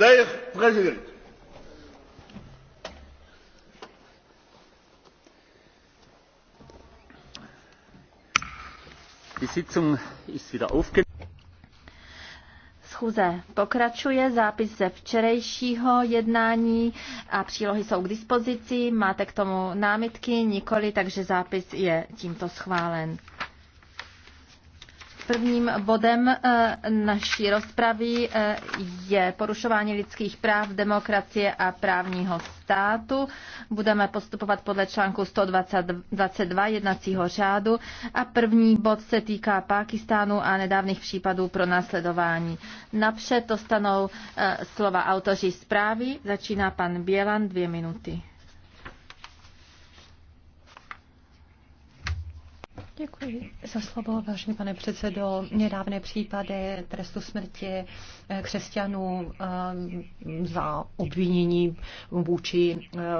Dear President. Schůze pokračuje, zápis ze včerejšího jednání a přílohy jsou k dispozici. Máte k tomu námitky? Nikoli, takže zápis je tímto schválen. Prvním bodem eh, naší rozpravy eh, je porušování lidských práv, demokracie a právního státu. Budeme postupovat podle článku 122 jednacího řádu a první bod se týká Pákistánu a nedávných případů pro následování. Napřed dostanou eh, slova autoři zprávy. Začíná pan Bělan dvě minuty. Děkuji za slovo, vážený pane předsedo. Nedávné případy trestu smrti eh, křesťanů eh, za obvinění vůči eh,